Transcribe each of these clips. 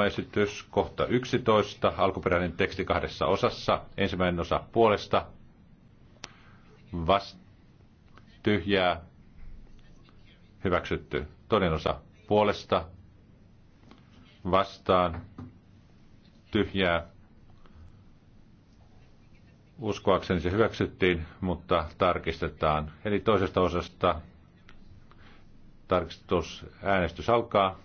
Lausumaesitys kohta 11, alkuperäinen teksti kahdessa osassa. Ensimmäinen osa puolesta, vast, tyhjää, hyväksytty. Toinen osa puolesta, vastaan, tyhjää. Uskoakseni se hyväksyttiin, mutta tarkistetaan. Eli toisesta osasta tarkistus alkaa.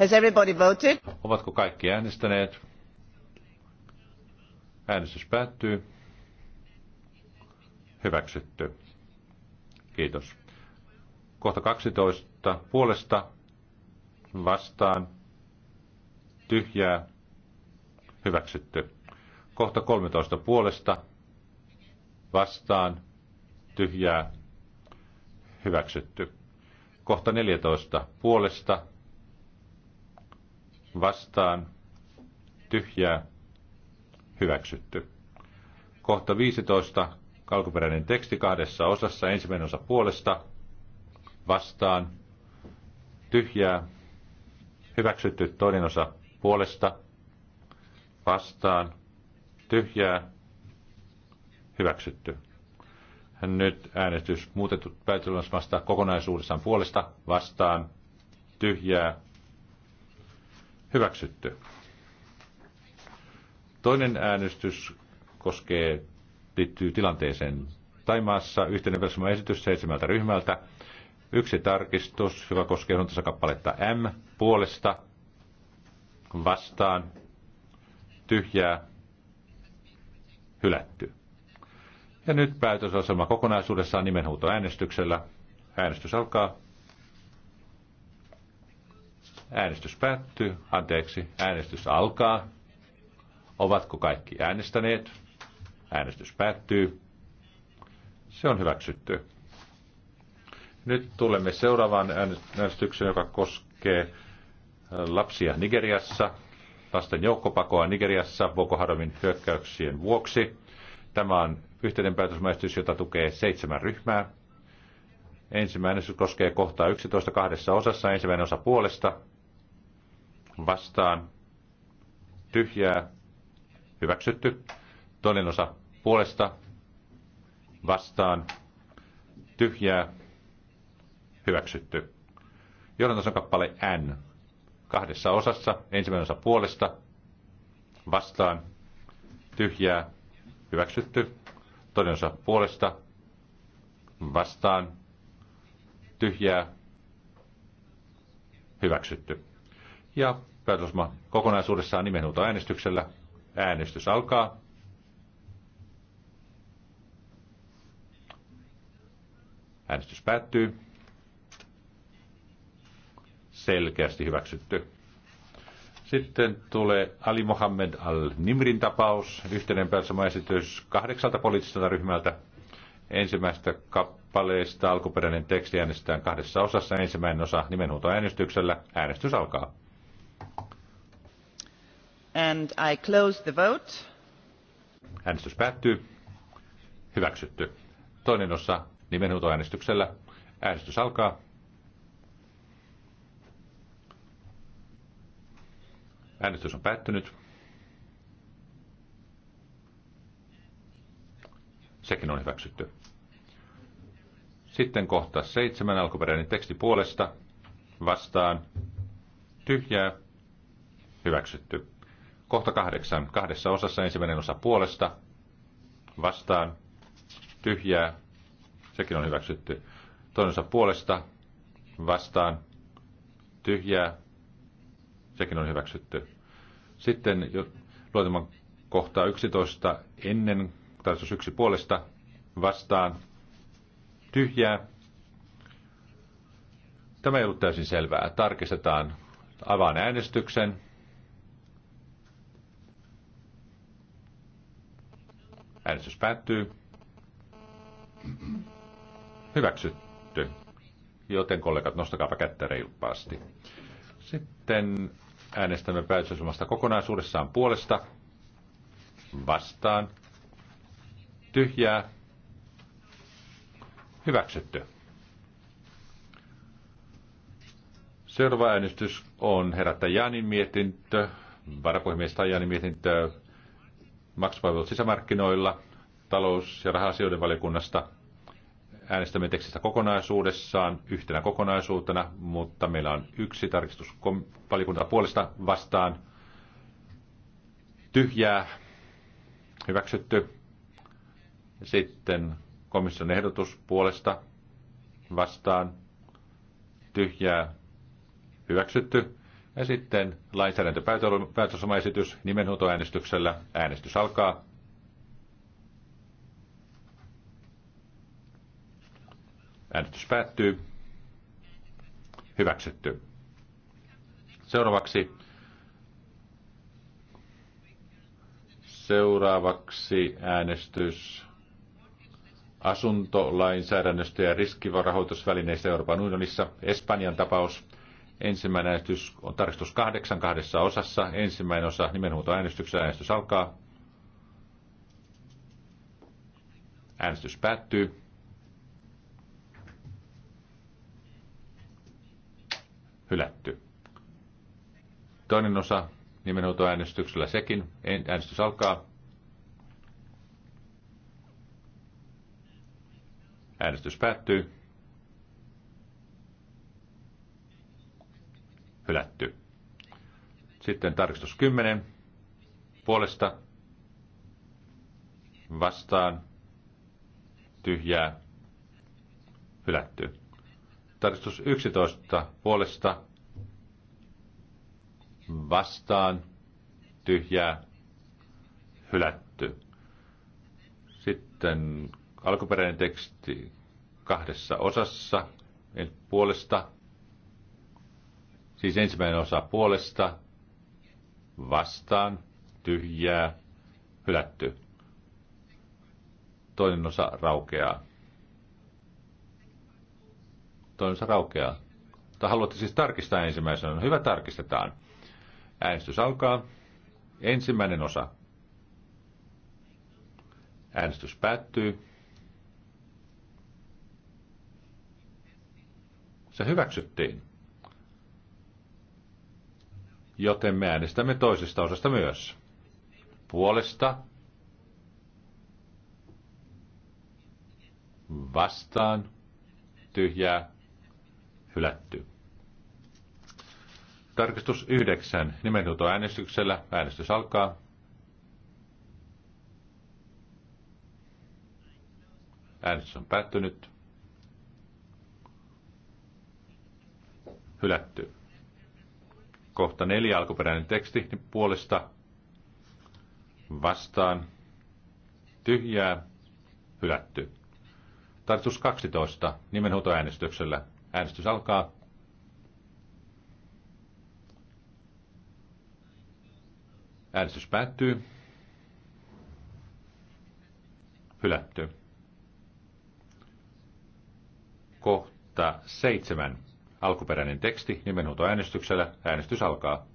Has everybody voted? Ovatko kaikki äänestäneet? Äänestys päättyy. Hyväksytty. Kiitos. Kohta 12. Puolesta vastaan tyhjää hyväksytty. Kohta 13. Puolesta vastaan tyhjää hyväksytty. Kohta 14. Puolesta vastaan, tyhjää, hyväksytty. Kohta 15, alkuperäinen teksti kahdessa osassa, ensimmäinen osa puolesta, vastaan, tyhjää, hyväksytty toinen osa puolesta, vastaan, tyhjää, hyväksytty. Nyt äänestys muutettu päätöslasmasta kokonaisuudessaan puolesta, vastaan, tyhjää, Hyväksytty. Toinen äänestys koskee, liittyy tilanteeseen Taimaassa yhteinen esitys seitsemältä ryhmältä. Yksi tarkistus, joka koskee kappaletta M puolesta vastaan tyhjää hylätty. Ja nyt päätösasema kokonaisuudessaan nimenhuutoäänestyksellä. Äänestys alkaa. Äänestys päättyy. Anteeksi, äänestys alkaa. Ovatko kaikki äänestäneet? Äänestys päättyy. Se on hyväksytty. Nyt tulemme seuraavaan äänestykseen, joka koskee äh, lapsia Nigeriassa, lasten joukkopakoa Nigeriassa Boko Haramin hyökkäyksien vuoksi. Tämä on yhteinen päätösmäistys, jota tukee seitsemän ryhmää. Ensimmäinen koskee kohtaa 11 kahdessa osassa, ensimmäinen osa puolesta, vastaan, tyhjää, hyväksytty. Toinen osa puolesta, vastaan, tyhjää, hyväksytty. Johdantosan kappale N kahdessa osassa. Ensimmäinen osa puolesta, vastaan, tyhjää, hyväksytty. Toinen osa puolesta, vastaan, tyhjää, hyväksytty. Ja päätösma kokonaisuudessaan nimenhuuto äänestyksellä. Äänestys alkaa. Äänestys päättyy. Selkeästi hyväksytty. Sitten tulee Ali Mohammed al-Nimrin tapaus, yhteinen esitys kahdeksalta poliittiselta ryhmältä. Ensimmäistä kappaleesta alkuperäinen teksti äänestetään kahdessa osassa. Ensimmäinen osa äänestyksellä. Äänestys alkaa. And I close the vote. Äänestys päättyy. Hyväksytty. Toinen osa nimenhuutoäänestyksellä. Äänestys alkaa. Äänestys on päättynyt. Sekin on hyväksytty. Sitten kohta seitsemän alkuperäinen teksti puolesta vastaan tyhjää hyväksytty. Kohta kahdeksan, kahdessa osassa ensimmäinen osa puolesta, vastaan, tyhjää, sekin on hyväksytty. Toinen osa puolesta, vastaan, tyhjää, sekin on hyväksytty. Sitten luotaman kohtaa 11 ennen tarkoitus yksi puolesta vastaan tyhjää. Tämä ei ollut täysin selvää. Tarkistetaan. Avaan äänestyksen. Äänestys päättyy. Hyväksytty. Joten kollegat, nostakaapa kättä reippaasti. Sitten äänestämme päätösomasta kokonaisuudessaan puolesta. Vastaan. Tyhjää. Hyväksytty. Seuraava äänestys on Janin mietintö, varapuhemies Tajanin mietintö maksupalvelut sisämarkkinoilla, talous- ja raha-asioiden valiokunnasta äänestämme tekstistä kokonaisuudessaan, yhtenä kokonaisuutena, mutta meillä on yksi tarkistus valiokunta puolesta vastaan. Tyhjää, hyväksytty. Sitten komission ehdotus puolesta vastaan, tyhjää, hyväksytty. Ja sitten lainsäädäntöpäätösomaesitys nimenhuutoäänestyksellä. Äänestys alkaa. Äänestys päättyy. Hyväksytty. Seuraavaksi Seuraavaksi äänestys asuntolainsäädännöstä ja riskivarahoitusvälineistä Euroopan unionissa. Espanjan tapaus. Ensimmäinen äänestys on tarkistus kahdeksan kahdessa osassa. Ensimmäinen osa nimenhuutoäänestyksessä äänestys alkaa. Äänestys päättyy. Hylätty. Toinen osa äänestyksellä sekin. Äänestys alkaa. Äänestys päättyy. hylätty. Sitten tarkistus 10 puolesta vastaan tyhjää hylätty. Tarkistus 11 puolesta vastaan tyhjää hylätty. Sitten alkuperäinen teksti kahdessa osassa, puolesta Siis ensimmäinen osa puolesta, vastaan, tyhjää, hylätty. Toinen osa raukeaa. Toinen osa raukeaa. Tai haluatte siis tarkistaa ensimmäisen? No hyvä, tarkistetaan. Äänestys alkaa. Ensimmäinen osa. Äänestys päättyy. Se hyväksyttiin joten me äänestämme toisesta osasta myös. Puolesta, vastaan, tyhjää, hylätty. Tarkistus 9. Nimenhuuto äänestyksellä. Äänestys alkaa. Äänestys on päättynyt. Hylätty kohta neljä alkuperäinen teksti niin puolesta vastaan tyhjää hylätty. Tartus 12 nimenhuutoäänestyksellä. Äänestys alkaa. Äänestys päättyy. Hylätty. Kohta seitsemän Alkuperäinen teksti nimenhuutoäänestyksellä. Äänestys alkaa.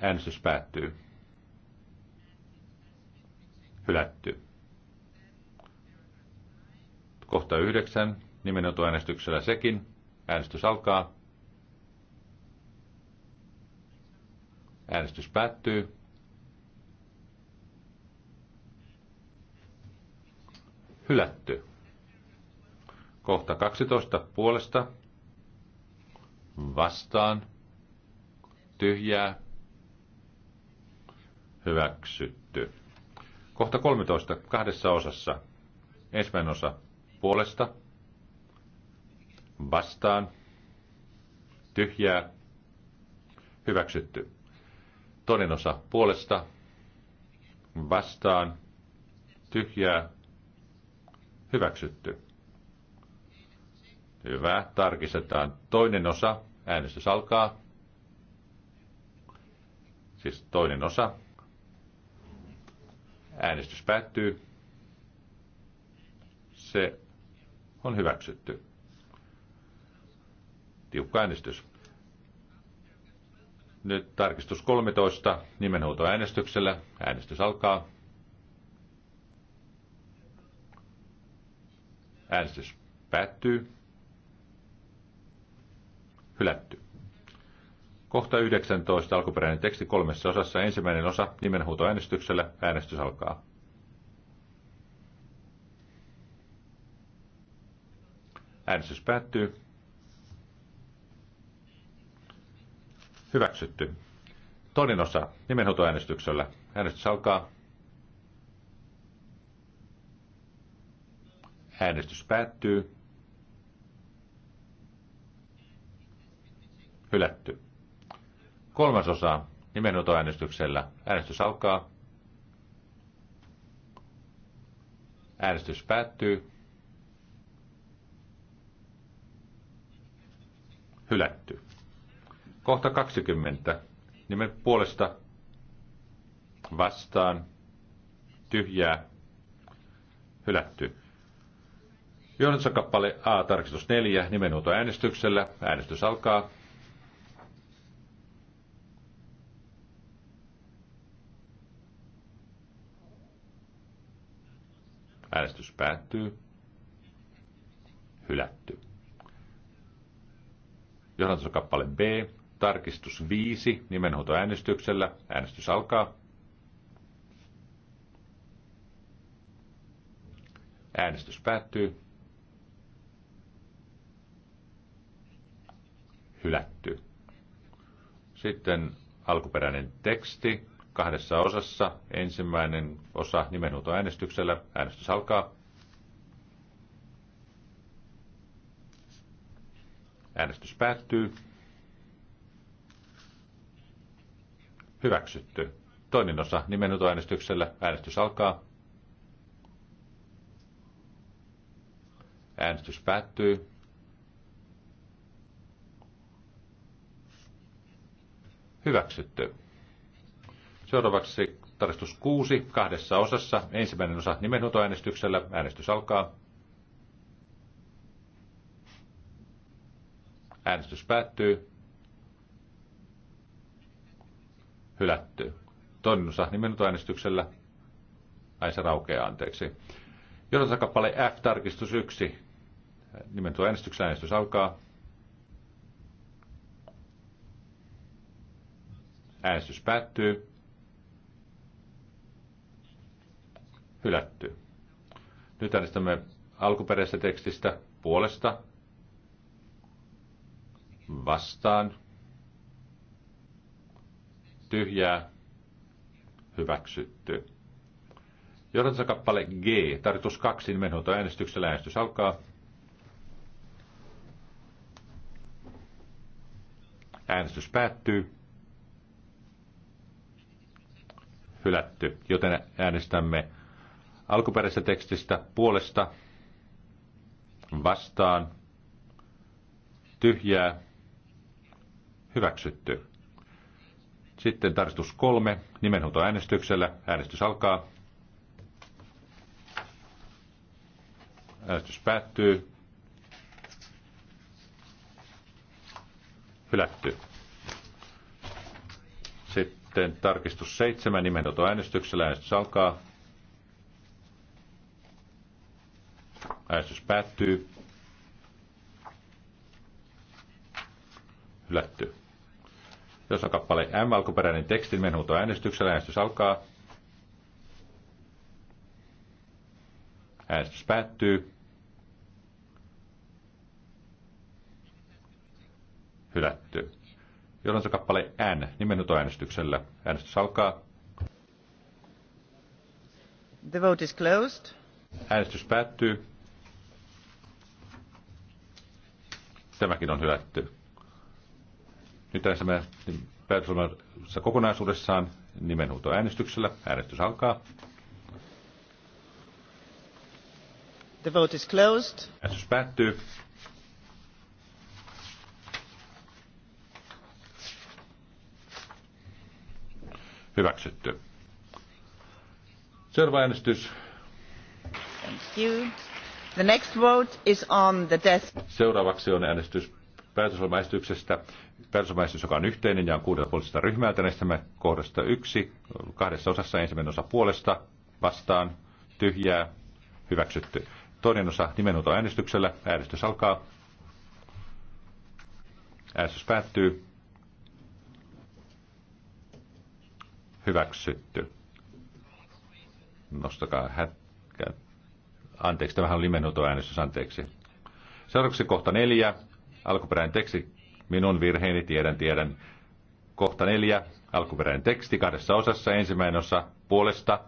Äänestys päättyy. Hylätty. Kohta yhdeksän. Nimenhuutoäänestyksellä sekin. Äänestys alkaa. Äänestys päättyy. hylätty. Kohta 12 puolesta vastaan tyhjää hyväksytty. Kohta 13 kahdessa osassa. Ensimmäinen osa puolesta vastaan tyhjää hyväksytty. Toinen osa puolesta vastaan tyhjää Hyväksytty. Hyvä. Tarkistetaan toinen osa. Äänestys alkaa. Siis toinen osa. Äänestys päättyy. Se on hyväksytty. Tiukka äänestys. Nyt tarkistus 13 nimenhuutoäänestyksellä. Äänestys alkaa. Äänestys päättyy. Hylätty. Kohta 19 alkuperäinen teksti kolmessa osassa. Ensimmäinen osa nimenhuutoäänestyksellä. Äänestys alkaa. Äänestys päättyy. Hyväksytty. Toinen osa nimenhuutoäänestyksellä. Äänestys alkaa. Äänestys päättyy. Hylätty. Kolmas Kolmasosa äänestyksellä Äänestys alkaa. Äänestys päättyy. Hylätty. Kohta 20. Nimen puolesta vastaan tyhjää hylätty. Johdonsa kappale A, tarkistus 4, nimenhuuto äänestyksellä. Äänestys alkaa. Äänestys päättyy. Hylätty. kappale B, tarkistus 5, äänestyksellä. Äänestys alkaa. Äänestys päättyy. hylätty. Sitten alkuperäinen teksti kahdessa osassa. Ensimmäinen osa nimenhuutoäänestyksellä. Äänestys alkaa. Äänestys päättyy. Hyväksytty. Toinen osa nimenhuutoäänestyksellä. Äänestys alkaa. Äänestys päättyy. Hyväksytty. Seuraavaksi tarkistus 6 kahdessa osassa. Ensimmäinen osa nimenhuutoäänestyksellä. Äänestys alkaa. Äänestys päättyy. Hylätty. Toinen osa nimenhuutoäänestyksellä. Ai se raukeaa, anteeksi. Johdantakappale F, tarkistus 1. Nimenhuutoäänestyksellä äänestys alkaa. Äänestys päättyy. Hylätty. Nyt äänestämme alkuperäisestä tekstistä puolesta vastaan tyhjää hyväksytty. Johdantonsa kappale G, tarkoitus kaksi nimenhuolta äänestyksellä. Äänestys alkaa. Äänestys päättyy. hylätty, joten äänestämme alkuperäisestä tekstistä puolesta vastaan tyhjää hyväksytty. Sitten tarkistus kolme nimenhuutoäänestyksellä. Äänestys alkaa. Äänestys päättyy. Hylätty. Sitten sitten tarkistus 7 nimenoto äänestyksellä. Äänestys alkaa. Äänestys päättyy. Hylätty. Jos on kappale M alkuperäinen teksti nimenoto äänestyksellä. Äänestys alkaa. Äänestys päättyy. Hylätty se kappale N äänestyksellä. Äänestys alkaa. The vote is closed. Äänestys päättyy. Tämäkin on hylätty. Nyt äänestämme päätösomassa kokonaisuudessaan äänestyksellä. Äänestys alkaa. The vote is closed. Äänestys päättyy. Hyväksytty. Seuraava äänestys. Thank you. The next vote is on the death. Seuraavaksi on äänestys päätösolmaesityksestä. Päätösolmaesitys, joka on yhteinen ja on kuudelta puolesta ryhmää. Äänestämme kohdasta yksi, kahdessa osassa ensimmäinen osa puolesta, vastaan, tyhjää, hyväksytty. Toinen osa äänestyksellä. Äänestys alkaa. Äänestys päättyy. hyväksytty. Nostakaa hätkä. Anteeksi, tämähän oli nimenhuuto äänestys, anteeksi. Seuraavaksi kohta neljä, alkuperäinen teksti, minun virheeni, tiedän, tiedän. Kohta neljä, alkuperäinen teksti kahdessa osassa, ensimmäinen osa puolesta,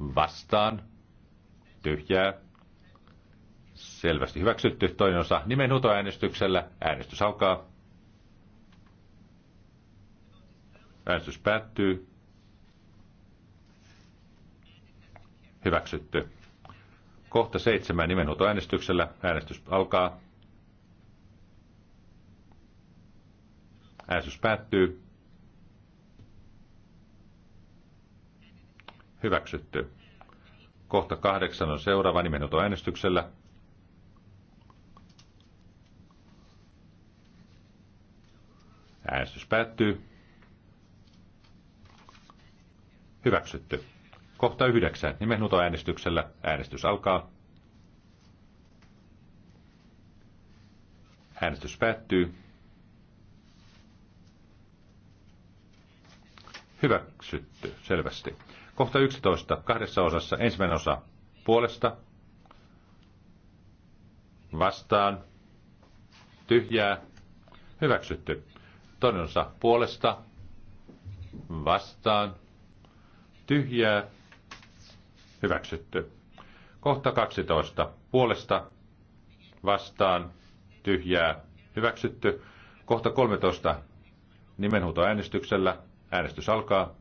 vastaan, tyhjää, selvästi hyväksytty, toinen osa äänestyksellä. äänestys alkaa. Äänestys päättyy. Hyväksytty. Kohta seitsemän nimenhuutoäänestyksellä. Äänestys alkaa. Äänestys päättyy. Hyväksytty. Kohta kahdeksan on seuraava nimenhuutoäänestyksellä. Äänestys päättyy. Hyväksytty. Kohta yhdeksän. Nimenhuuto äänestyksellä. Äänestys alkaa. Äänestys päättyy. Hyväksytty, selvästi. Kohta 11, kahdessa osassa. Ensimmäinen osa puolesta. Vastaan. Tyhjää. Hyväksytty. Toinen osa puolesta. Vastaan tyhjää, hyväksytty. Kohta 12. Puolesta, vastaan, tyhjää, hyväksytty. Kohta 13. äänestyksellä. Äänestys alkaa.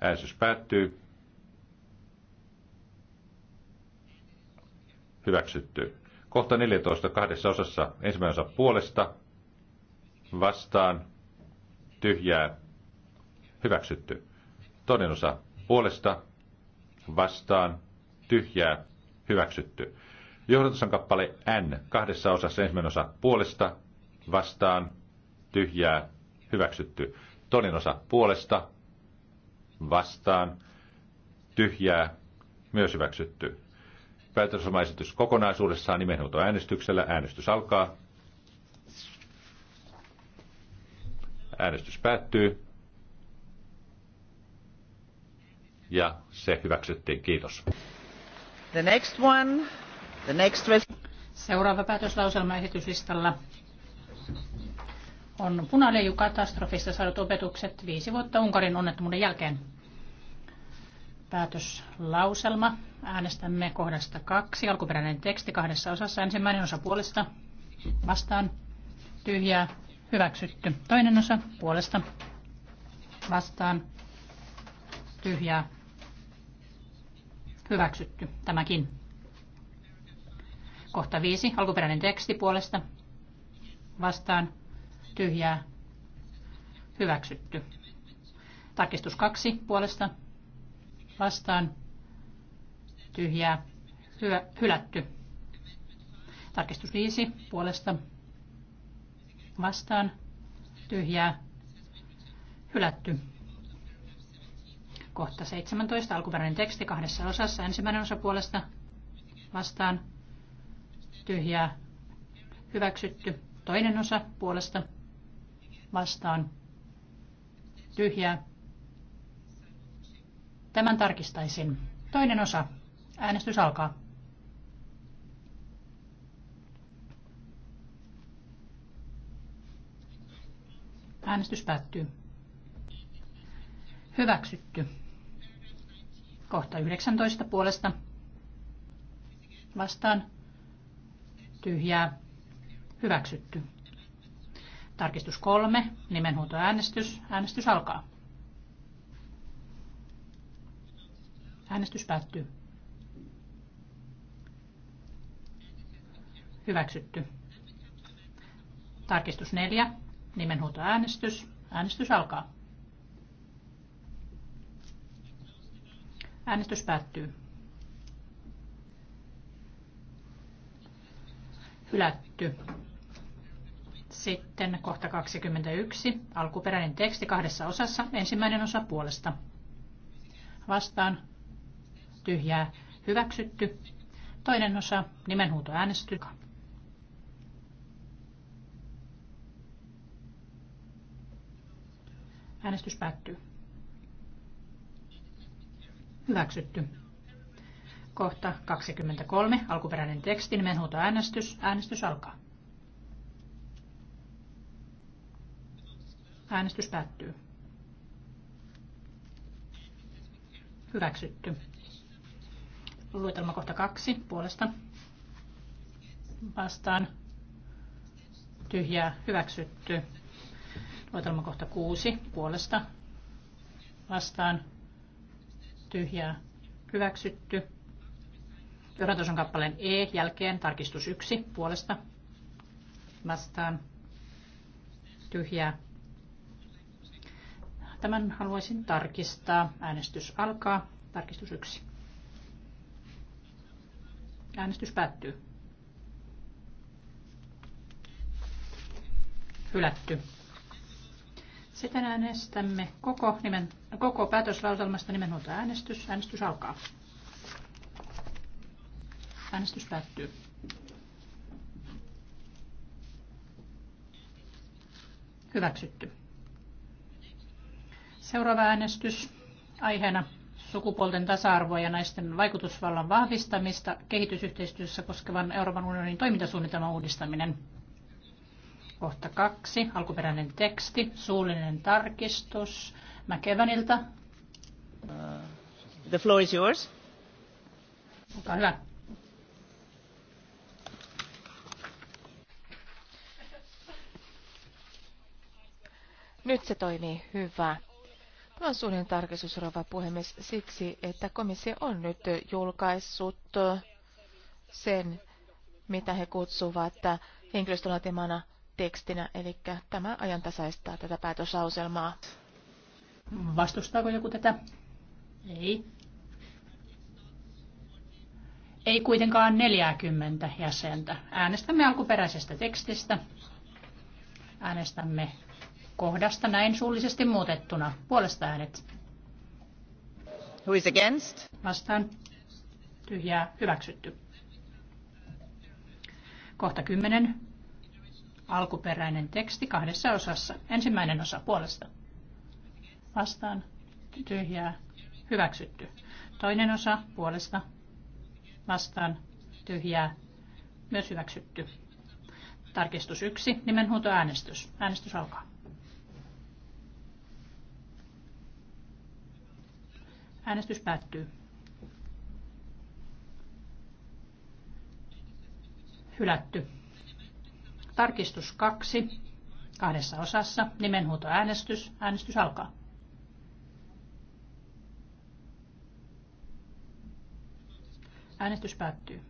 Äänestys päättyy. Hyväksytty. Kohta 14 kahdessa osassa. Ensimmäinen osa puolesta, vastaan, tyhjää, Hyväksytty. Toinen osa puolesta, vastaan, tyhjää, hyväksytty. Johdatus on kappale N kahdessa osassa ensimmäinen osa puolesta, vastaan, tyhjää, hyväksytty. Toinen osa puolesta, vastaan, tyhjää, myös hyväksytty. Päätösomaesitys kokonaisuudessaan nimenhuuto äänestyksellä. Äänestys alkaa. Äänestys päättyy. ja se hyväksyttiin. Kiitos. The next one, the next Seuraava päätöslauselma esityslistalla on punaleijukatastrofista saadut opetukset viisi vuotta Unkarin onnettomuuden jälkeen. Päätöslauselma. Äänestämme kohdasta kaksi. Alkuperäinen teksti kahdessa osassa. Ensimmäinen osa puolesta. Vastaan. Tyhjää. Hyväksytty. Toinen osa puolesta. Vastaan. Tyhjää. Hyväksytty tämäkin. Kohta viisi. Alkuperäinen teksti puolesta. Vastaan. Tyhjää. Hyväksytty. Tarkistus kaksi puolesta. Vastaan. Tyhjää. Hyö, hylätty. Tarkistus viisi puolesta. Vastaan. Tyhjää. Hylätty. Kohta 17. Alkuperäinen teksti kahdessa osassa. Ensimmäinen osa puolesta vastaan. Tyhjää. Hyväksytty. Toinen osa puolesta vastaan. Tyhjää. Tämän tarkistaisin. Toinen osa. Äänestys alkaa. Äänestys päättyy. Hyväksytty. Kohta 19 puolesta. Vastaan. Tyhjää. Hyväksytty. Tarkistus kolme Nimenhuutoäänestys. Äänestys alkaa. Äänestys päättyy. Hyväksytty. Tarkistus neljä Nimenhuutoäänestys. Äänestys alkaa. Äänestys päättyy. Hylätty. Sitten kohta 21. Alkuperäinen teksti kahdessa osassa. Ensimmäinen osa puolesta. Vastaan. Tyhjää. Hyväksytty. Toinen osa. Nimenhuuto äänestys. Äänestys päättyy. Hyväksytty. Kohta 23. Alkuperäinen teksti, äänestys. Äänestys alkaa. Äänestys päättyy. Hyväksytty. Luetelma kohta kaksi puolesta. Vastaan. Tyhjää. Hyväksytty. Luetelma kohta kuusi puolesta. Vastaan tyhjää hyväksytty. Johdatus on kappaleen E jälkeen tarkistus 1 puolesta vastaan tyhjää. Tämän haluaisin tarkistaa. Äänestys alkaa. Tarkistus 1. Äänestys päättyy. Hylätty. Sitten äänestämme koko, nimen, koko päätöslauselmasta nimenhuolta äänestys. Äänestys alkaa. Äänestys päättyy. Hyväksytty. Seuraava äänestys aiheena sukupuolten tasa-arvoa ja naisten vaikutusvallan vahvistamista kehitysyhteistyössä koskevan Euroopan unionin toimintasuunnitelman uudistaminen. Kohta kaksi, alkuperäinen teksti, suullinen tarkistus Mäkeväniltä. The floor is yours. Olkaa hyvä. Nyt se toimii hyvä. Tämä on suullinen tarkistus, rouva puhemies, siksi, että komissio on nyt julkaissut sen, mitä he kutsuvat henkilöstölatimana tekstinä, eli tämä ajantasaistaa tätä päätösauselmaa. Vastustaako joku tätä? Ei. Ei kuitenkaan 40 jäsentä. Äänestämme alkuperäisestä tekstistä. Äänestämme kohdasta näin suullisesti muutettuna. Puolesta äänet. Who is against? Vastaan. Tyhjää hyväksytty. Kohta 10 alkuperäinen teksti kahdessa osassa. Ensimmäinen osa puolesta. Vastaan. Tyhjää. Hyväksytty. Toinen osa puolesta. Vastaan. Tyhjää. Myös hyväksytty. Tarkistus 1. Nimenhuutoäänestys. Äänestys alkaa. Äänestys päättyy. Hylätty. Tarkistus kaksi kahdessa osassa. Nimenhuutoäänestys. Äänestys alkaa. Äänestys päättyy.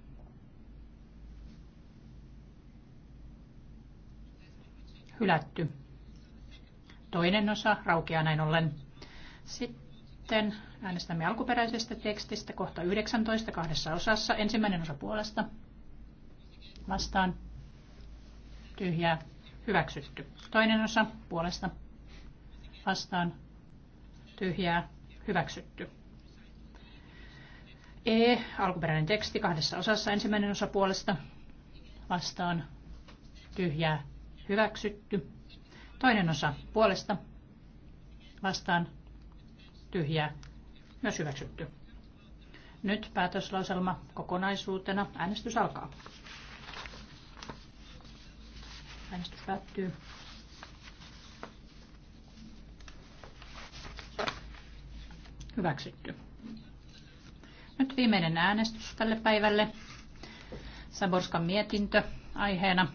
Hylätty. Toinen osa raukeaa näin ollen. Sitten äänestämme alkuperäisestä tekstistä kohta 19 kahdessa osassa. Ensimmäinen osa puolesta. Vastaan tyhjää, hyväksytty. Toinen osa puolesta vastaan, tyhjää, hyväksytty. E, alkuperäinen teksti kahdessa osassa, ensimmäinen osa puolesta vastaan, tyhjää, hyväksytty. Toinen osa puolesta vastaan, tyhjää, myös hyväksytty. Nyt päätöslauselma kokonaisuutena. Äänestys alkaa. Äänestys päättyy. Hyväksytty. Nyt viimeinen äänestys tälle päivälle. Saborskan mietintö aiheena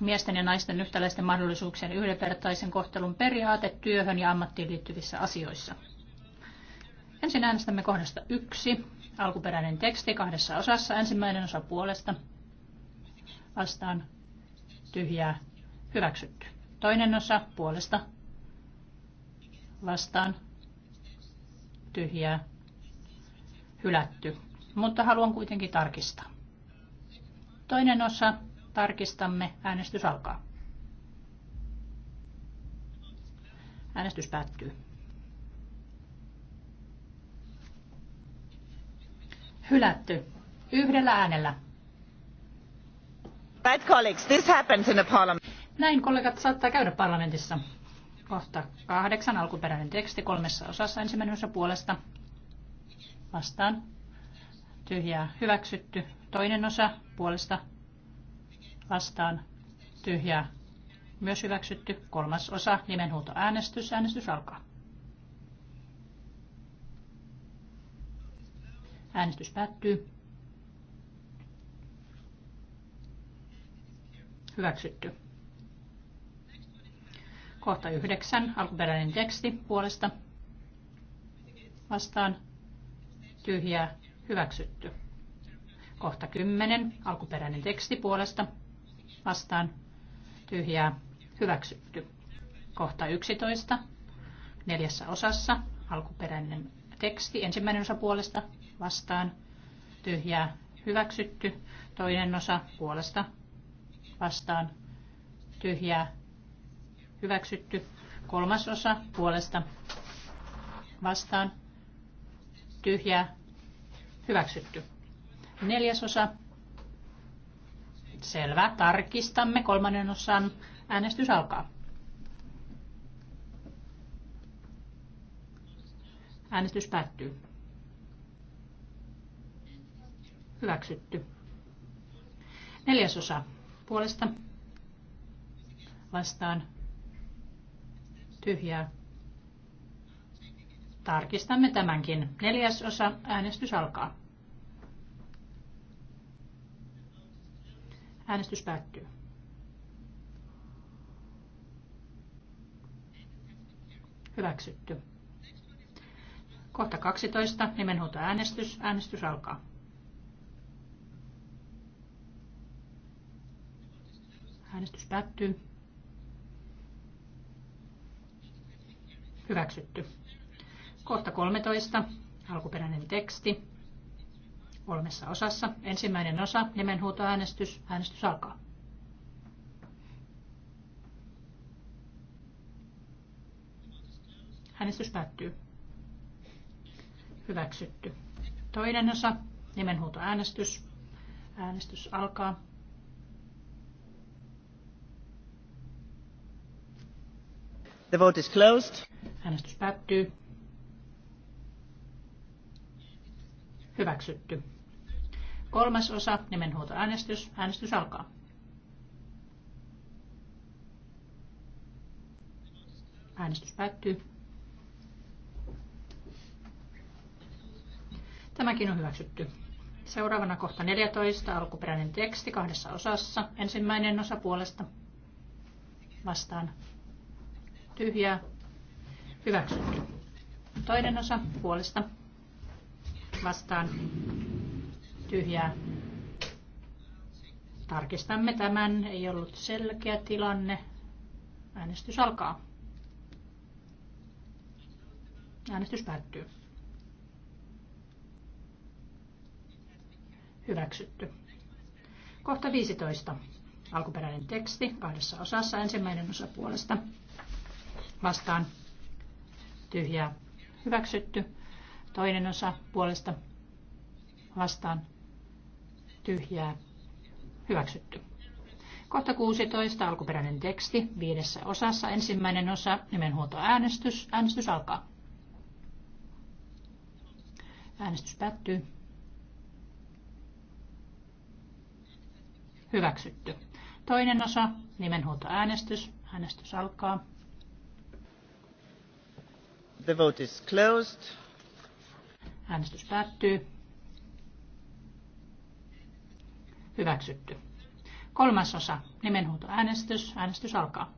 miesten ja naisten yhtäläisten mahdollisuuksien yhdenvertaisen kohtelun periaate työhön ja ammattiin liittyvissä asioissa. Ensin äänestämme kohdasta yksi, alkuperäinen teksti kahdessa osassa, ensimmäinen osa puolesta, vastaan, tyhjää, Hyväksytty. Toinen osa puolesta. Vastaan. Tyhjää. Hylätty. Mutta haluan kuitenkin tarkistaa. Toinen osa. Tarkistamme. Äänestys alkaa. Äänestys päättyy. Hylätty. Yhdellä äänellä. Right colleagues, this happens in the parliament. Näin kollegat saattaa käydä parlamentissa. Kohta kahdeksan alkuperäinen teksti kolmessa osassa ensimmäinen osa puolesta. Vastaan. Tyhjää hyväksytty. Toinen osa puolesta. Vastaan. Tyhjää myös hyväksytty. Kolmas osa nimenhuuto äänestys. Äänestys alkaa. Äänestys päättyy. Hyväksytty. Kohta yhdeksän, alkuperäinen teksti puolesta. Vastaan. Tyhjää. Hyväksytty. Kohta kymmenen, alkuperäinen teksti puolesta. Vastaan. Tyhjää. Hyväksytty. Kohta yksitoista, neljässä osassa, alkuperäinen teksti, ensimmäinen osa puolesta. Vastaan. Tyhjää. Hyväksytty. Toinen osa puolesta. Vastaan. Tyhjää hyväksytty. Kolmas osa puolesta vastaan tyhjää hyväksytty. Neljäs osa selvä. Tarkistamme kolmannen osan. Äänestys alkaa. Äänestys päättyy. Hyväksytty. Neljäsosa puolesta vastaan tyhjää. Tarkistamme tämänkin. Neljäs osa äänestys alkaa. Äänestys päättyy. Hyväksytty. Kohta 12. Nimenhuuto äänestys. Äänestys alkaa. Äänestys päättyy. Hyväksytty. Kohta 13. Alkuperäinen teksti. Kolmessa osassa. Ensimmäinen osa. Nimenhuutoäänestys. Äänestys alkaa. Äänestys päättyy. Hyväksytty. Toinen osa. Nimenhuutoäänestys. Äänestys alkaa. The vote is closed. Äänestys päättyy. Hyväksytty. Kolmas osa, nimenhuutoäänestys. Äänestys alkaa. Äänestys päättyy. Tämäkin on hyväksytty. Seuraavana kohta 14, alkuperäinen teksti kahdessa osassa. Ensimmäinen osa puolesta vastaan tyhjää, Hyväksytty. Toinen osa puolesta. Vastaan. Tyhjää. Tarkistamme tämän. Ei ollut selkeä tilanne. Äänestys alkaa. Äänestys päättyy. Hyväksytty. Kohta 15. Alkuperäinen teksti kahdessa osassa. Ensimmäinen osa puolesta. Vastaan tyhjää hyväksytty. Toinen osa puolesta vastaan tyhjää hyväksytty. Kohta 16 alkuperäinen teksti viidessä osassa. Ensimmäinen osa nimenhuoltoäänestys. Äänestys alkaa. Äänestys päättyy. Hyväksytty. Toinen osa, nimenhuoltoäänestys. Äänestys alkaa. The vote is closed. Äänestys päättyy. Hyväksytty. Kolmas osa. Nimenhuutoäänestys. Äänestys alkaa.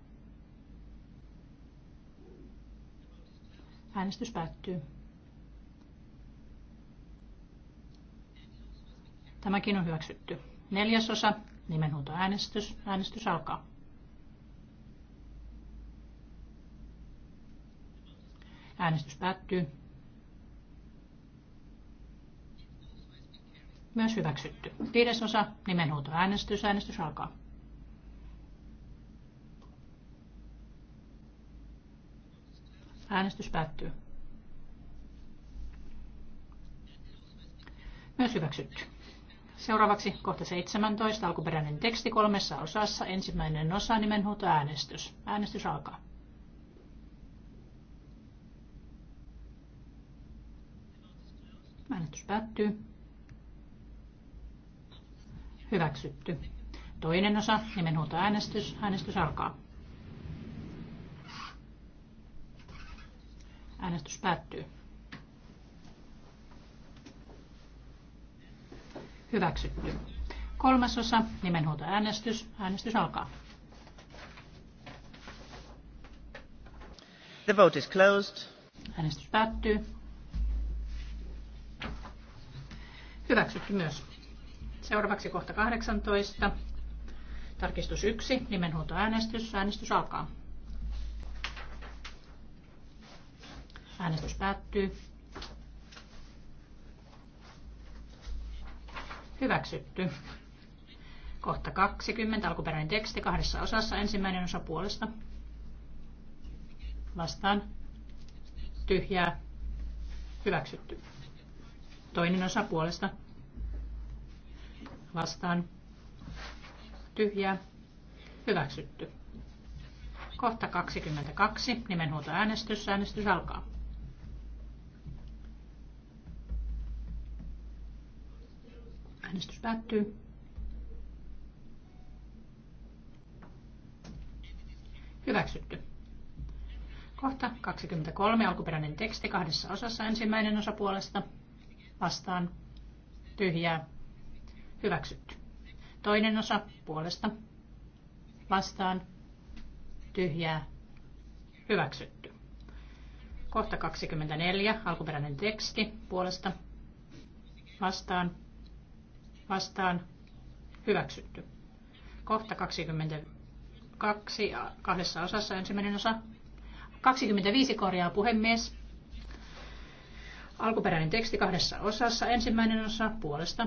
Äänestys päättyy. Tämäkin on hyväksytty. Neljäs osa. Nimenhuutoäänestys. Äänestys alkaa. Äänestys päättyy. Myös hyväksytty. Viides osa, nimenhuuto äänestys. Äänestys alkaa. Äänestys päättyy. Myös hyväksytty. Seuraavaksi kohta 17, alkuperäinen teksti kolmessa osassa, ensimmäinen osa nimenhuuto äänestys. Äänestys alkaa. Äänestys päättyy. Hyväksytty. Toinen osa, nimenhuolto äänestys. Äänestys alkaa. Äänestys päättyy. Hyväksytty. Kolmas osa, nimenhuolto äänestys. Äänestys alkaa. The vote is closed. Äänestys päättyy. Hyväksytty myös. Seuraavaksi kohta 18. Tarkistus 1. Nimenhuutoäänestys. Äänestys alkaa. Äänestys päättyy. Hyväksytty. Kohta 20. Alkuperäinen teksti kahdessa osassa. Ensimmäinen osa puolesta. Vastaan. Tyhjää. Hyväksytty. Toinen osa puolesta. Vastaan. Tyhjää. Hyväksytty. Kohta 22. Nimenhuuto äänestys. Äänestys alkaa. Äänestys päättyy. Hyväksytty. Kohta 23. Alkuperäinen teksti kahdessa osassa. Ensimmäinen osa puolesta vastaan tyhjää hyväksytty. Toinen osa puolesta vastaan tyhjää hyväksytty. Kohta 24, alkuperäinen teksti puolesta vastaan vastaan hyväksytty. Kohta 22 kahdessa osassa ensimmäinen osa. 25 korjaa puhemies Alkuperäinen teksti kahdessa osassa. Ensimmäinen osa puolesta.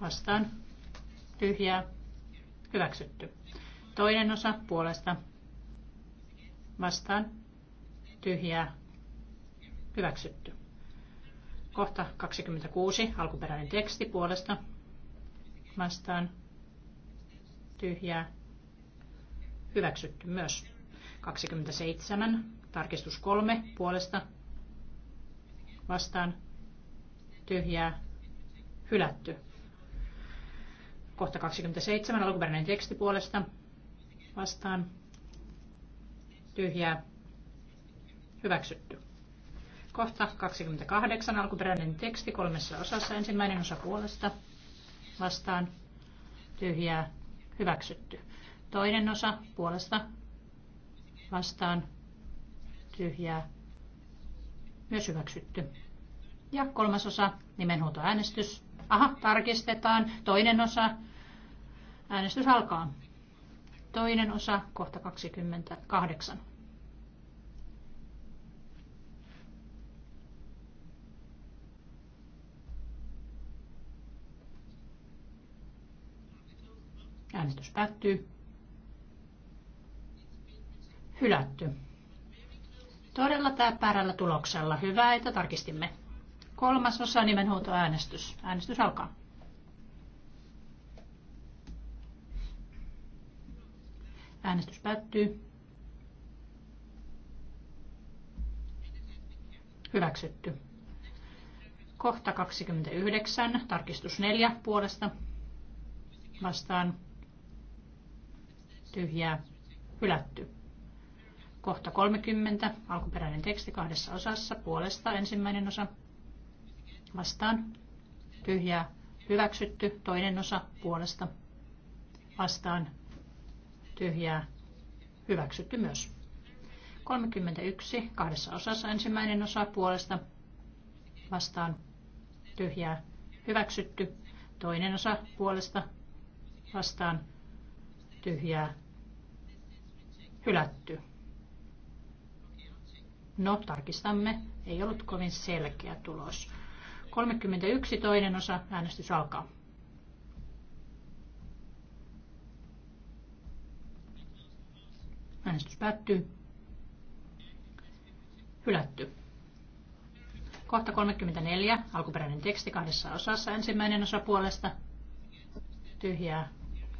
Vastaan. Tyhjää. Hyväksytty. Toinen osa puolesta. Vastaan. Tyhjää. Hyväksytty. Kohta 26. Alkuperäinen teksti puolesta. Vastaan. Tyhjää. Hyväksytty myös. 27. Tarkistus 3 puolesta vastaan tyhjää hylätty. Kohta 27 alkuperäinen teksti puolesta vastaan tyhjää hyväksytty. Kohta 28 alkuperäinen teksti kolmessa osassa ensimmäinen osa puolesta vastaan tyhjää hyväksytty. Toinen osa puolesta vastaan tyhjää myös hyväksytty. Ja kolmas osa, nimenhuutoäänestys. Aha, tarkistetaan. Toinen osa, äänestys alkaa. Toinen osa, kohta 28. Äänestys päättyy. Hylätty. Todella päällä tuloksella. Hyvä, että tarkistimme. Kolmas osa nimenhuutoäänestys. Äänestys alkaa. Äänestys päättyy. Hyväksytty. Kohta 29, tarkistus 4 puolesta. Vastaan. Tyhjää. Hylätty. Kohta 30, alkuperäinen teksti kahdessa osassa, puolesta ensimmäinen osa, vastaan, tyhjää, hyväksytty, toinen osa, puolesta, vastaan, tyhjää, hyväksytty myös. 31, kahdessa osassa, ensimmäinen osa, puolesta, vastaan, tyhjää, hyväksytty, toinen osa, puolesta, vastaan, tyhjää, hylätty. No, tarkistamme. Ei ollut kovin selkeä tulos. 31 toinen osa. Äänestys alkaa. Äänestys päättyy. Hylätty. Kohta 34. Alkuperäinen teksti kahdessa osassa. Ensimmäinen osa puolesta. Tyhjää.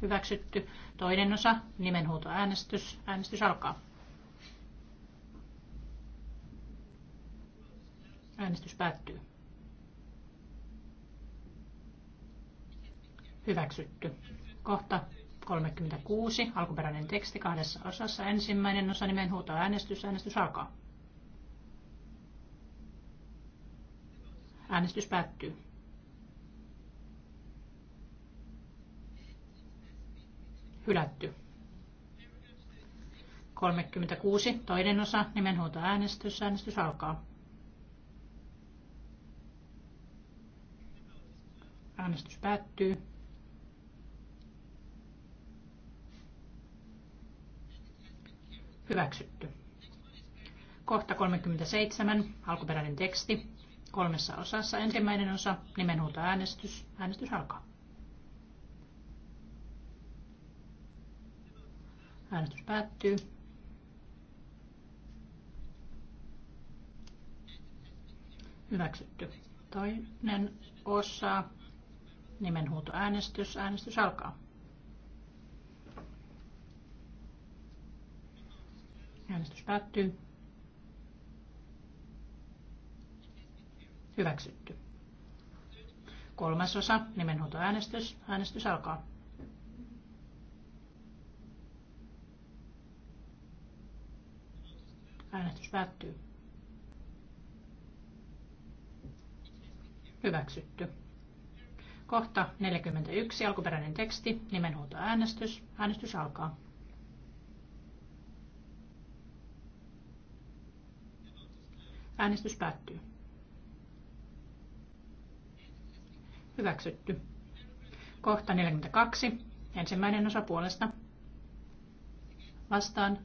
Hyväksytty. Toinen osa. Nimenhuutoäänestys. Äänestys alkaa. Äänestys päättyy. Hyväksytty. Kohta 36. Alkuperäinen teksti kahdessa osassa. Ensimmäinen osa nimen huutaa äänestys. Äänestys alkaa. Äänestys päättyy. Hylätty. 36. Toinen osa. Nimenhuuto äänestys. Äänestys alkaa. Äänestys päättyy. Hyväksytty. Kohta 37, alkuperäinen teksti, kolmessa osassa. Ensimmäinen osa, nimenhuuto äänestys. Äänestys alkaa. Äänestys päättyy. Hyväksytty. Toinen osa, Nimenhuutoäänestys. Äänestys alkaa. Äänestys päättyy. Hyväksytty. Kolmas osa, nimenhuutoäänestys. Äänestys alkaa. Äänestys päättyy. Hyväksytty. Kohta 41, alkuperäinen teksti, nimenhuuto äänestys. Äänestys alkaa. Äänestys päättyy. Hyväksytty. Kohta 42. Ensimmäinen osa puolesta. Vastaan.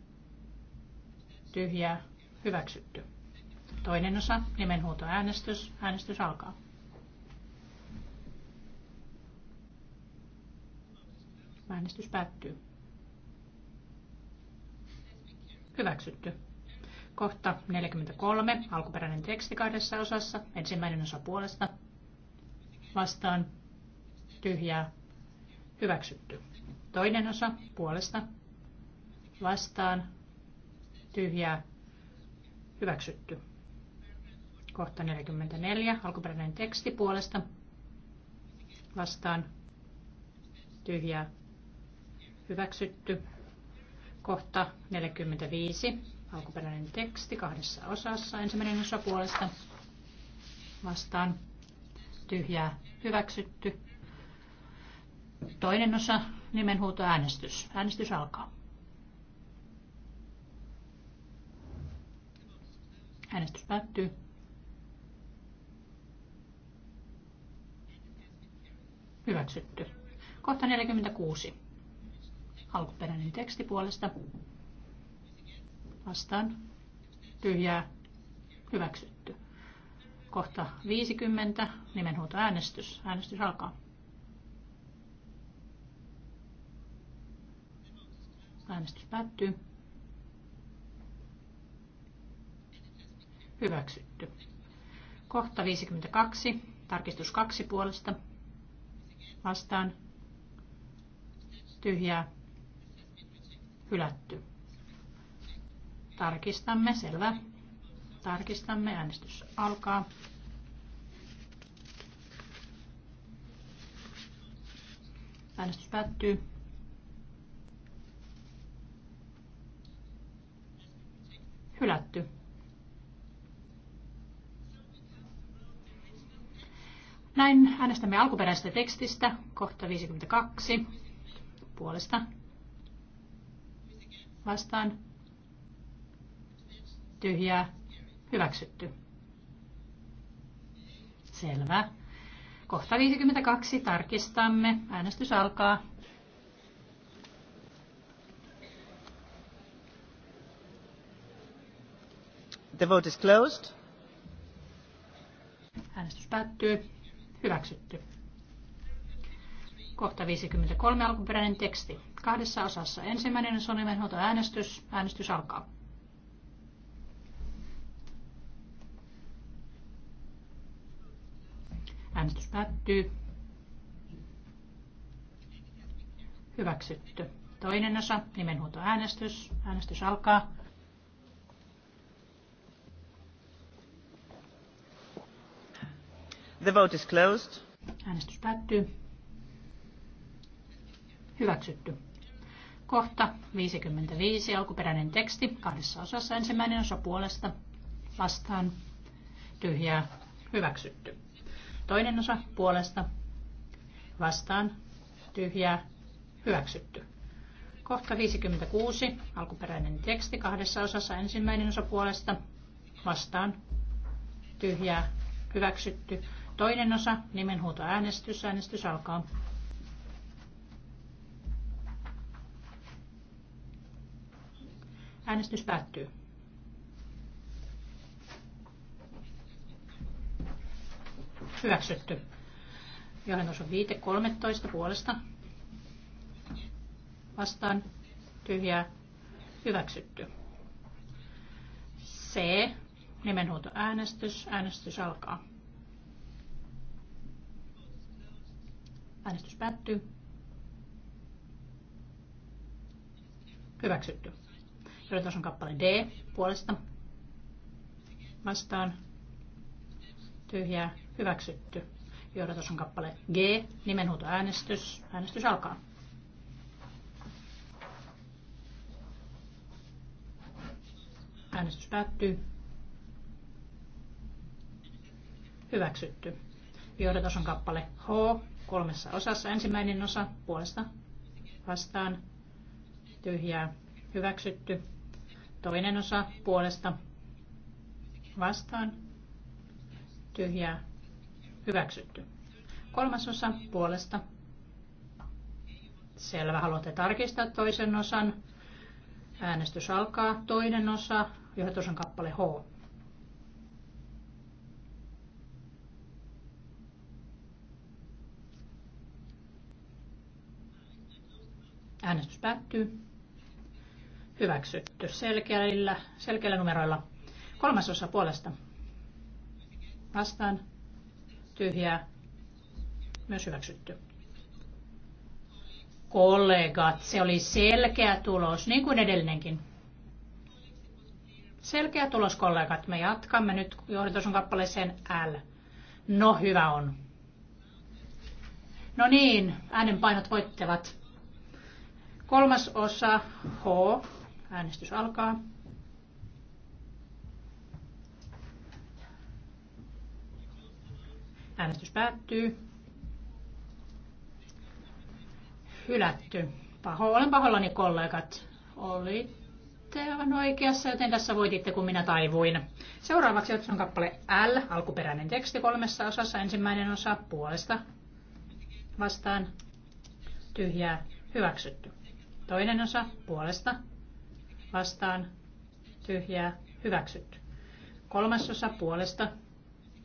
Tyhjää. Hyväksytty. Toinen osa. Nimenhuutoäänestys. Äänestys alkaa. Äänestys päättyy. Hyväksytty. Kohta 43, alkuperäinen teksti kahdessa osassa. Ensimmäinen osa puolesta. Vastaan. Tyhjää. Hyväksytty. Toinen osa puolesta. Vastaan. Tyhjää. Hyväksytty. Kohta 44, alkuperäinen teksti puolesta. Vastaan. Tyhjää. Hyväksytty. Kohta 45. Alkuperäinen teksti kahdessa osassa. Ensimmäinen osa puolesta vastaan. Tyhjää. Hyväksytty. Toinen osa äänestys. Äänestys alkaa. Äänestys päättyy. Hyväksytty. Kohta 46. Alkuperäinen teksti puolesta. Vastaan. Tyhjää. Hyväksytty. Kohta 50. Nimenhuuto äänestys. Äänestys alkaa. Äänestys päättyy. Hyväksytty. Kohta 52. Tarkistus 2 puolesta. Vastaan. Tyhjää. Hylätty. Tarkistamme, selvä. Tarkistamme, äänestys alkaa. Äänestys päättyy. Hylätty. Näin äänestämme alkuperäisestä tekstistä, kohta 52, puolesta vastaan tyhjää hyväksytty. Selvä. Kohta 52 tarkistamme. Äänestys alkaa. The vote is closed. Äänestys päättyy. Hyväksytty. Kohta 53 alkuperäinen teksti kahdessa osassa. Ensimmäinen on äänestys. Äänestys alkaa. Äänestys päättyy. Hyväksytty. Toinen osa, nimenhuutoäänestys. Äänestys alkaa. The vote is closed. Äänestys päättyy. Hyväksytty. Kohta 55, alkuperäinen teksti, kahdessa osassa ensimmäinen osa puolesta, vastaan, tyhjää, hyväksytty. Toinen osa puolesta, vastaan, tyhjää, hyväksytty. Kohta 56, alkuperäinen teksti, kahdessa osassa ensimmäinen osa puolesta, vastaan, tyhjää, hyväksytty. Toinen osa, nimenhuuto äänestys, äänestys alkaa. Äänestys päättyy. Hyväksytty. Johdatus on viite 13 puolesta. Vastaan. Tyhjää. Hyväksytty. C. Nimenhuuto äänestys. Äänestys alkaa. Äänestys päättyy. Hyväksytty tuossa on kappale D puolesta. Vastaan. Tyhjää. Hyväksytty. tuossa on kappale G. äänestys. Äänestys alkaa. Äänestys päättyy. Hyväksytty. Johdatus on kappale H kolmessa osassa. Ensimmäinen osa puolesta vastaan. Tyhjää. Hyväksytty. Toinen osa puolesta vastaan. Tyhjää. Hyväksytty. Kolmas osa puolesta. Selvä. Haluatte tarkistaa toisen osan. Äänestys alkaa. Toinen osa. Johdatus on kappale H. Äänestys päättyy. Hyväksytty selkeillä, selkeillä numeroilla. Kolmasosa puolesta. Vastaan. Tyhjää. Myös hyväksytty. Kollegat, se oli selkeä tulos, niin kuin edellinenkin. Selkeä tulos, kollegat. Me jatkamme nyt johdatus kappaleeseen L. No hyvä on. No niin, äänenpainot voittavat. Kolmas osa H Äänestys alkaa. Äänestys päättyy. Hylätty. Paho, olen pahollani kollegat. Olitte aivan oikeassa, joten tässä voititte, kun minä taivuin. Seuraavaksi on kappale L, alkuperäinen teksti kolmessa osassa. Ensimmäinen osa puolesta vastaan tyhjää hyväksytty. Toinen osa puolesta vastaan tyhjää hyväksytty. Kolmasosa puolesta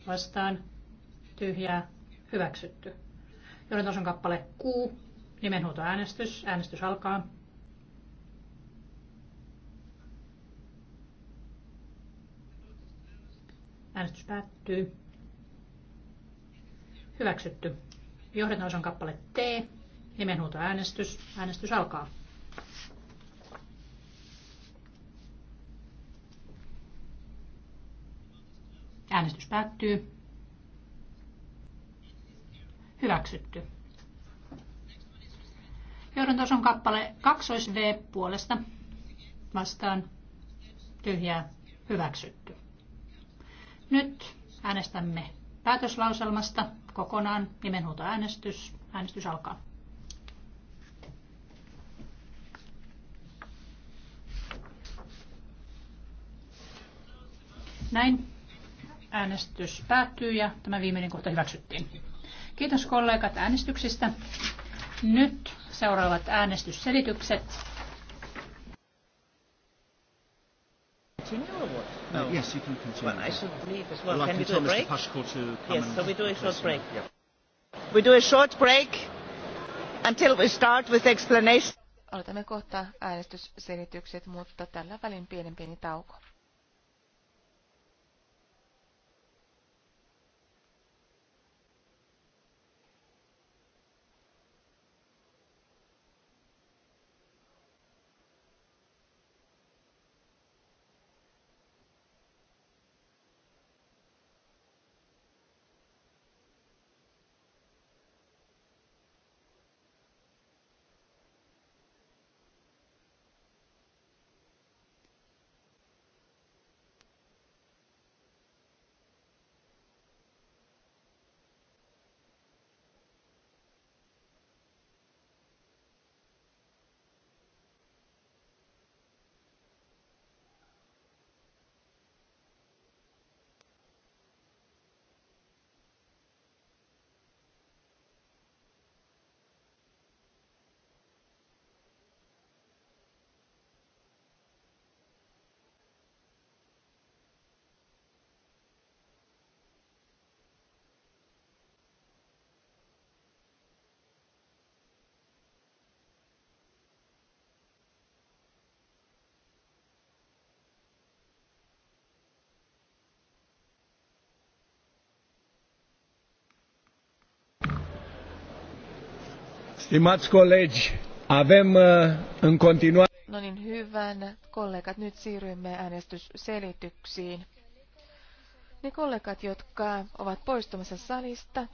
vastaan tyhjää hyväksytty. tuossa on kappale Q, nimenhuutoäänestys. Äänestys alkaa. Äänestys päättyy. Hyväksytty. Johdetaan osan kappale T. Nimenhuutoäänestys. Äänestys alkaa. Äänestys päättyy. Hyväksytty. Joudun on kappale 2 V puolesta vastaan tyhjää hyväksytty. Nyt äänestämme päätöslauselmasta kokonaan nimenhuutoäänestys. Äänestys alkaa. Näin Äänestys päättyy ja tämä viimeinen kohta hyväksyttiin. Kiitos kollegat äänestyksistä. Nyt seuraavat äänestysselitykset. No. Uh, yes, you can continue. Well, I should leave as well. well can we do a break? yes, so we do a short break. Yeah. We do a short break until we start with explanation. Aloitamme kohta äänestysselitykset, mutta tällä välin pienen pieni tauko. Stimați colegi, avem uh, în continuare... No niin, hyvän kollegat, nyt siirrymme äänestysselityksiin. Ne kollegat, jotka ovat poistumassa salista,